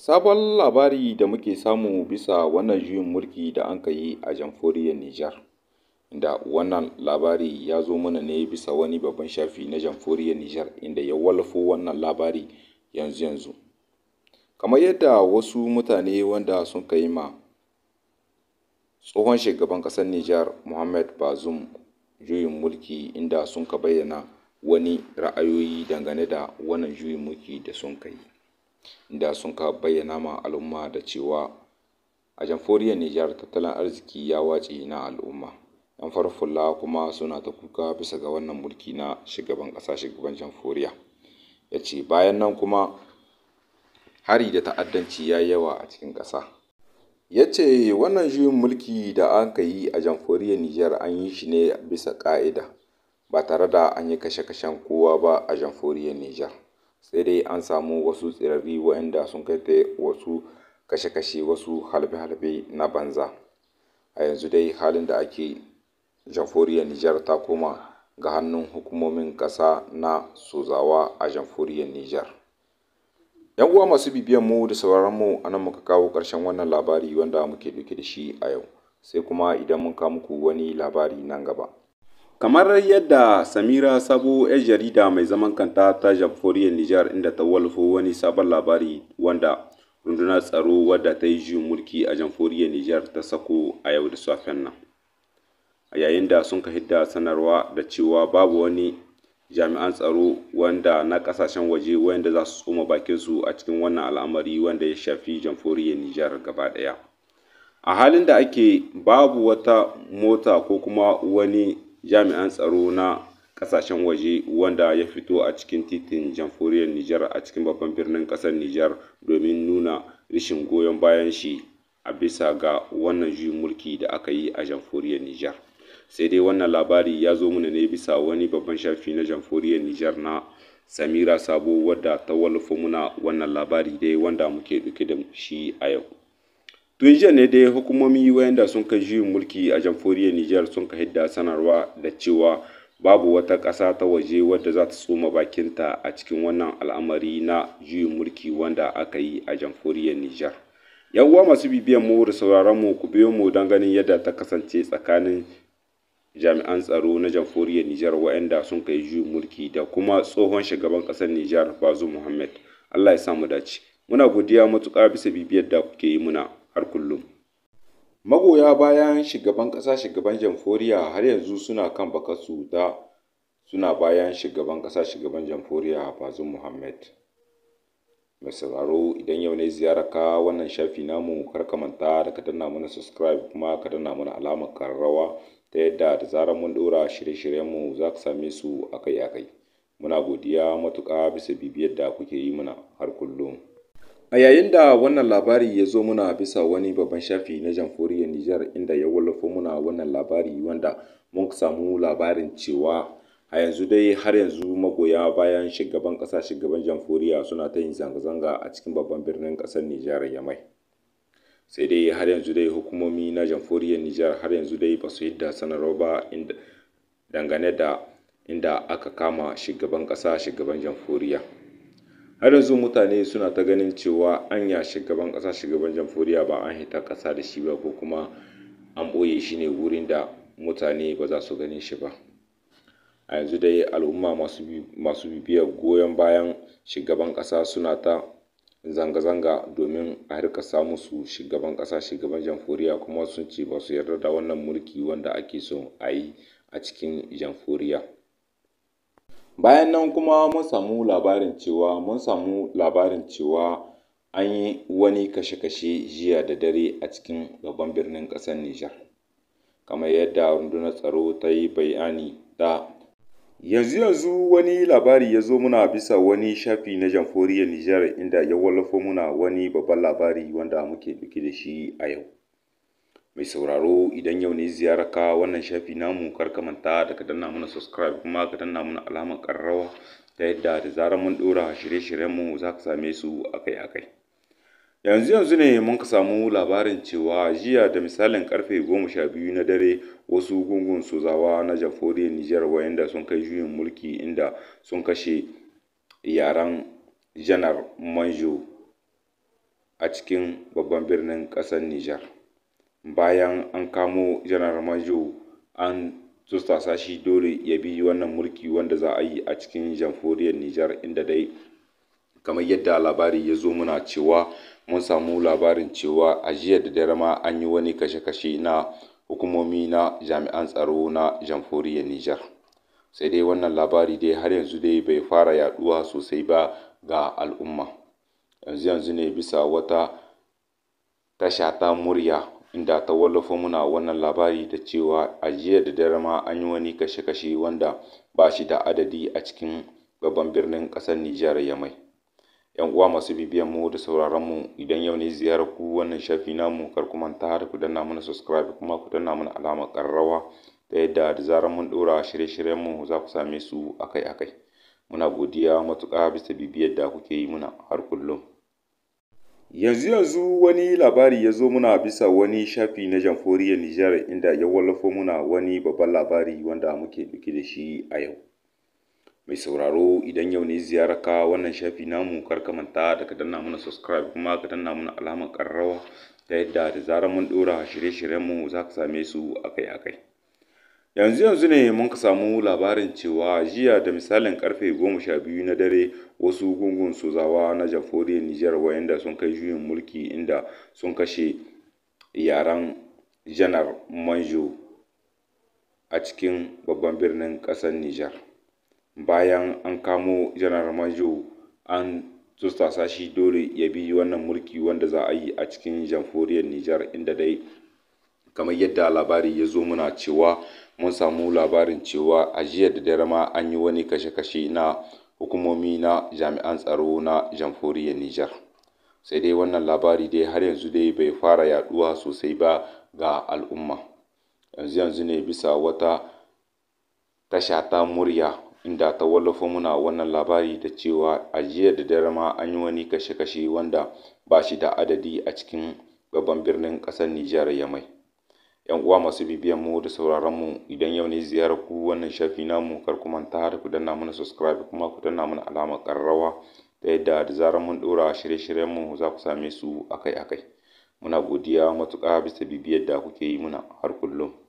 Sabon labari da muke samu bisa wannan juyin mulki da anka yi a jamhuriyar Nijar, da wannan labari ya zo mana ne bisa wani babban shafi na jamhuriyar Nijar inda ya wallafa wannan labari yanzu-yanzu. Kamar yadda wasu mutane wanda sun ka ma tsohon shugaban ƙasar Nijar Muhammad Bazoum juyin mulki inda sun ka bayyana wani ra'ayoyi dangane da wannan juyin mulki da sun ka inda sun ka bayyana ma al'umma da cewa a jamhuriyar Nijar tattalin arziki ya wace na al'umma. 'Yan farfulla kuma suna ta kuka bisa ga wannan mulki na shugaban ƙasa shugaban jamhuriya. Ya ce bayan nan kuma hari da ta'addanci ya yawa a cikin ƙasa. Ya ce wannan juyin mulki da aka yi a jamhuriyar Nijar an yi shi ne bisa ƙa'ida ba tare da an yi kashe-kashen kowa ba a jamhuriyar Nijar. sai dai an samu wasu tsirarri waɗanda sun kai ta wasu kashe-kashe wasu halbe-halbe na banza a yanzu dai halin da ake jamhuriyar nijar ta koma ga hannun hukumomin ƙasa na sozawa a jamhuriyar nijar yan uwa masu bibiyan mu da sauraron mu a nan muka kawo ƙarshen wannan labari wanda muke ɗauke da shi a yau sai kuma idan mun kawo muku wani labari nan gaba kamar yadda samira sabo 'yar jarida mai zaman kanta ta jamhuriya nijar inda ta walfo wani sabon labari wanda rundunar tsaro wadda ta yi juyin mulki a jamhuriya nijar ta sako a yau da safen nan a yayin da sun ka hidda sanarwa da cewa babu wani jami'an tsaro wanda na kasashen waje wanda za su tsoma su a cikin wannan al'amari wanda ya shafi jamhuriyar nijar gaba ɗaya a halin da ake babu wata mota ko kuma wani jami'an tsaro na kasashen waje wanda ya fito a cikin titin jamhuriyar Nijar a cikin babban birnin kasar Nijar domin nuna rishin goyon bayan shi a bisa ga wannan juyin mulki da aka yi a jamhuriyar Nijar. Sai dai wannan labari ya zo mana ne bisa wani babban shafi na jamhuriyar Nijar na Samira Sabo wadda ta wallafa muna wannan labari dai wanda muke duke da shi a yau. tun jiya ne dai hukumomi wayanda sun ka juyin mulki a jamhuriyar nijar sun ka hidda sanarwa da cewa babu wata ƙasa ta waje wadda za ta tsoma bakinta a cikin wannan al'amari na juyin mulki wanda aka yi a jamhuriyar nijar yan masu bibiyan mu da sauraron mu ku biyo mu don ganin yadda ta kasance tsakanin jami'an tsaro na jamhuriyar nijar wayanda sun kai juyin mulki da kuma tsohon shugaban ƙasar nijar bazu muhammad allah ya samu dace muna godiya matuƙa bisa bibiyar da kuke yi muna har kullum. Magoya bayan shugaban ƙasa Shugaban jamforiya har yanzu suna kan bakarsu ta suna bayan Shugaban ƙasa Shugaban jamforiya Bazoum Muhammad. Mai sauraro idan yau ne ka wannan shafi namu kar ka manta da ka danna mana subscribe kuma ka danna mana alamar karrawa ta yadda da zarar mun ɗora shirye-shiryenmu za ka same su akai-akai. Muna godiya matuƙa bisa bibiyar da kuke yi mana har kullum. A yayin da wannan labari ya zo muna bisa wani babban shafi na Jamhuriyar Nijar inda ya wallafa muna wannan labari wanda mun samu labarin cewa a yanzu dai har yanzu magoya bayan shugaban kasa shugaban jamhuriya suna ta yin zanga-zanga a cikin babban birnin ƙasar Nijar Yamai. Sai dai har yanzu dai hukumomi na jamhuriyar Nijar har yanzu dai ba su yadda sanarwa ba dangane da inda aka kama shugaban kasa shugaban jamhuriya. har yanzu mutane suna ta ganin cewa anya shugaban ƙasa shugaban jamhuriya ba an hita ƙasa da shi ba ko kuma an ɓoye shi ne wurin da mutane ba za su ganin shi ba a yanzu dai al'umma masu bibiyar goyon bayan shugaban ƙasa suna ta zanga-zanga domin a harka samu su shugaban ƙasa shugaban jamhuriya kuma sun ce ba su yarda da wannan mulki wanda ake so a yi a cikin jamhuriya Bayan nan kuma mun samu labarin cewa mun samu labarin cewa an yi wani kashe-kashe jiya da dare a cikin babban birnin ƙasar Nijar, kamar yadda rundunar tsaro ta yi bayani da yanzu-yanzu wani labari ya zo muna bisa wani shafi na Jamhuriyar Nijar inda ya wallafo muna wani babban labari wanda muke biki da shi a yau. mai sauraro idan yau ne ka wannan shafi namu kar ka manta da ka danna mana subscribe kuma ka danna mana alamar ƙararrawa ta yadda da zarar mun ɗora shirye-shiryenmu za ka same su akai-akai. yanzu yanzu ne mun ka samu labarin cewa jiya da misalin karfe goma sha biyu na dare wasu gungun sozawa na jamhuriyar nijar wayanda sun kai juyin mulki inda sun kashe yaran janar manjo a cikin babban birnin ƙasar nijar bayan an kamo Janar Manjo, an tursasa shi dole ya bi wannan mulki wanda za a yi a cikin jamhuriyar Nijar inda dai kamar yadda labari ya zo muna cewa mun samu labarin cewa a jiya da dare ma an yi wani kashe-kashe na hukumomi na jami'an tsaro na jamhuriyar Nijar. Sai dai wannan labari dai har yanzu dai bai fara yaɗuwa sosai ba ga al'umma. Yanzu yanzu ne bisa wata tasha ta murya inda ta wallafa muna wannan labari da cewa a jiya da dare ma an yi wani kashe-kashe wanda ba shi da adadi a cikin babban birnin ƙasar Nijar Yamai. ‘Yan uwa masu bibiyan mu da sauraron mu idan yau ne ziyarar ku wannan shafi namu kar ku manta da ku danna mana subscribe kuma ku danna mana alamar ƙararrawa ta yadda da zarar mun ɗora shirye-shiryen mu za ku same su akai-akai. Muna godiya matuƙa bisa bibiyar da kuke yi muna har kullum. Yanzu-yanzu wani labari ya zo muna bisa wani shafi na Jamhuriyar Nijar inda ya wallafa muna wani babban labari wanda muke duke da shi a yau. Mai sauraro idan yau ne ziyararka wannan shafi namu karka manta da ka danna muna subscribe kuma ka danna mana alamar karrawa ta yadda da zarar mun ɗora shirye-shiryenmu za ka same su akai-akai. Yanzu yanzu ne muka samu labarin cewa jiya da misalin karfe goma sha biyu na dare wasu gungun sojawa na jamhuriyar Nijar waɗanda sun kai juyin mulki inda sun kashe yaran Janar Manjo a cikin babban birnin ƙasar Nijar. Bayan an kamo Janar Manjo an tursasa shi dole ya bi wannan mulki wanda za a yi a cikin jamhuriyar Nijar inda dai kamar yadda labari ya zo muna cewa mun samu labarin cewa a jiya da dare ma an yi wani kashe-kashe na hukumomi na jami'an tsaro na jamhuriyar Nijar. Sai dai wannan labari dai har yanzu dai bai fara yaduwa sosai ba ga al'umma. Yanzu yanzu ne bisa wata tasha ta murya inda ta wallafa muna wannan labari da cewa a jiya da dare ma an yi wani kashe-kashe wanda ba shi da adadi a cikin babban birnin ƙasar Nijar ya mai. 'yan uwa masu bibiyan mu da sauraron mu idan yau ne ziyarar ku wannan shafi namu kar ku manta da ku danna mana subscribe kuma ku danna mana alamar karrawa ta yadda da zarar mun ɗora shirye-shiryen mu za ku same su akai-akai muna godiya matuƙa bisa bibiyar da kuke yi muna har kullum